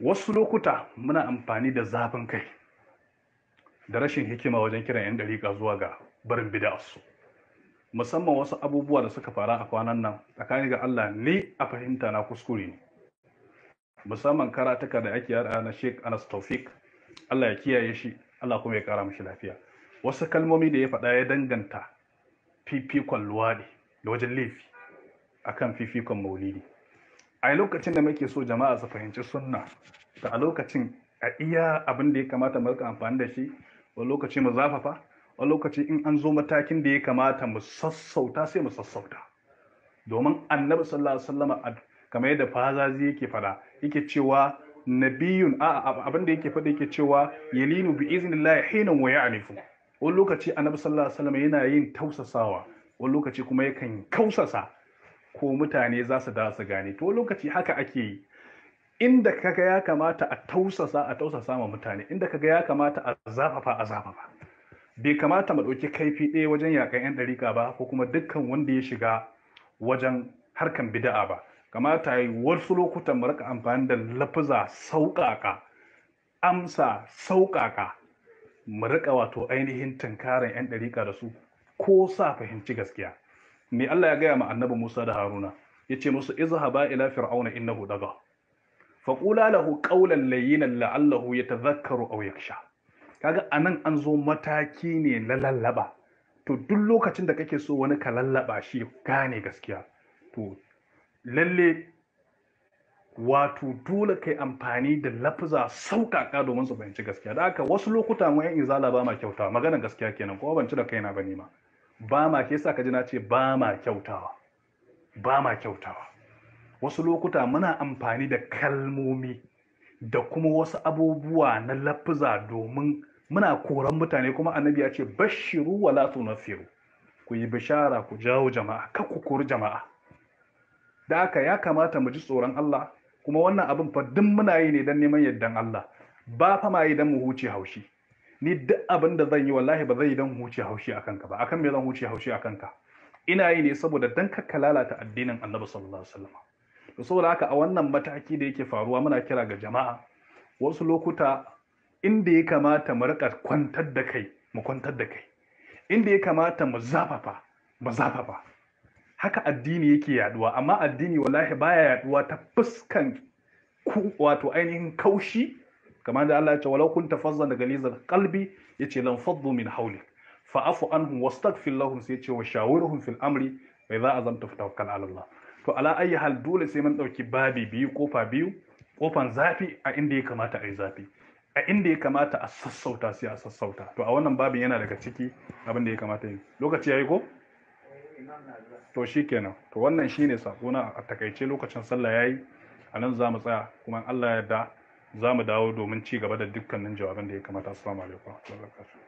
wasu lokuta muna amfani da zafin kai da rashin hikima wajen kiran 'yan dariƙa zuwa ga barin su musamman wasu abubuwa da suka fara a kwanan nan tsakani ga Allah ni a fahimta na kuskure ne musamman karatuka da ake yara na Sheikh Anas Allah ya kiyaye shi Allah kuma ya kara mashi lafiya wasu kalmomi da ya faɗa ya danganta fifikon luwaɗi da wajen laifi akan fifikon maulidi a lokacin da muke so jama'a su fahimci sunna da a lokacin a iya abin da ya kamata mu rika amfani da shi wani lokaci mu zafafa wani lokaci in an zo matakin da ya kamata mu sassauta sai mu sassauta domin annabi sallallahu alaihi wasallam kamar yadda fazazi yake fada yake cewa nabiyun a abin da yake fada yake cewa yalinu bi iznillahi hinan wa ya'nifu wani lokaci annabi sallallahu alaihi wasallam yana yin tausasawa wani lokaci kuma yakan kausasa ko mutane za su da su gane to lokaci haka ake yi inda kaga ya kamata a tausasa a tausasa ma mutane inda kaga ya kamata a zafafa a zafafa bai kamata mu ɗauki kaifi ɗaya wajen yakan 'yan ɗarika ba ko kuma dukkan wanda ya shiga wajen harkan bida'a ba kamata yi wasu lokutan mu rika amfani da lafuza sauƙaƙa amsa sauƙaƙa mu rika wato ainihin tunkaran 'yan ɗarika da su ko sa fahimci gaskiya me Allah ya gaya ma annabi Musa da Haruna Ya ce musu izhaba ila fir'auna innahu daga faqula lahu qawlan layyinan la'allahu yatadhakkaru aw yakhsha kaga anan an zo mataki ne na lallaba to duk lokacin da kake so wani ka lallaba shi gane gaskiya to lalle wato dole kai amfani da sau sauƙaƙa domin su fahimci gaskiya da haka wasu lokuta mu yan izala ba ma kyauta maganar gaskiya kenan ko ban ci da kaina ba ne ma ba ma ke sa kaji na ce ba ma kyautawa ba ma kyautawa wasu lokuta muna amfani da kalmomi da kuma wasu abubuwa na lafiza domin muna koran mutane kuma annabi ya ce bashiru wa na nasiru ku yi bishara ku jawo jama'a ka ku kori jama'a da haka ya kamata mu ji tsoron Allah kuma wannan abin fa duk muna yi ne dan neman yaddan Allah ba fa ma yi dan mu huce haushi ni duk abin da zan yi wallahi ba zai yi don huce haushi a kanka ba akan me zan huce haushi a kanka ina yi ne saboda dan kakka lalata addinin annabi sallallahu alaihi wasallam to saboda haka a wannan mataki da yake faruwa muna kira ga jama'a wasu lokuta inda ya kamata mu rika kwantar da kai mu kwantar da kai inda ya kamata mu zafafa mu zafafa haka addini yake yaduwa amma addini wallahi baya yaduwa ta fuskan ku wato ainihin kaushi kamar da Allah ya ce walau kunta fazzan da galizar Ya ce, lan faddu min hawlik fa'fu anhum wastaghfir lahum sai ce wa shawirhum fil amri fa idza azamta fatawakkal ala Allah to ala ayi hal dole sai mun dauki babi biyu kofa biyu kofan zafi a inda ya kamata a yi zafi a inda ya kamata a sassauta sai a sassauta to a wannan babin yana daga ciki abin da ya kamata yi lokaci yayi ko to kenan, to wannan shine sako na a takaice lokacin sallah yayi a nan za mu tsaya kuma Allah ya yarda za mu dawo domin ci gaba da dukkanin jawaban da ya kamata assalamu alaikum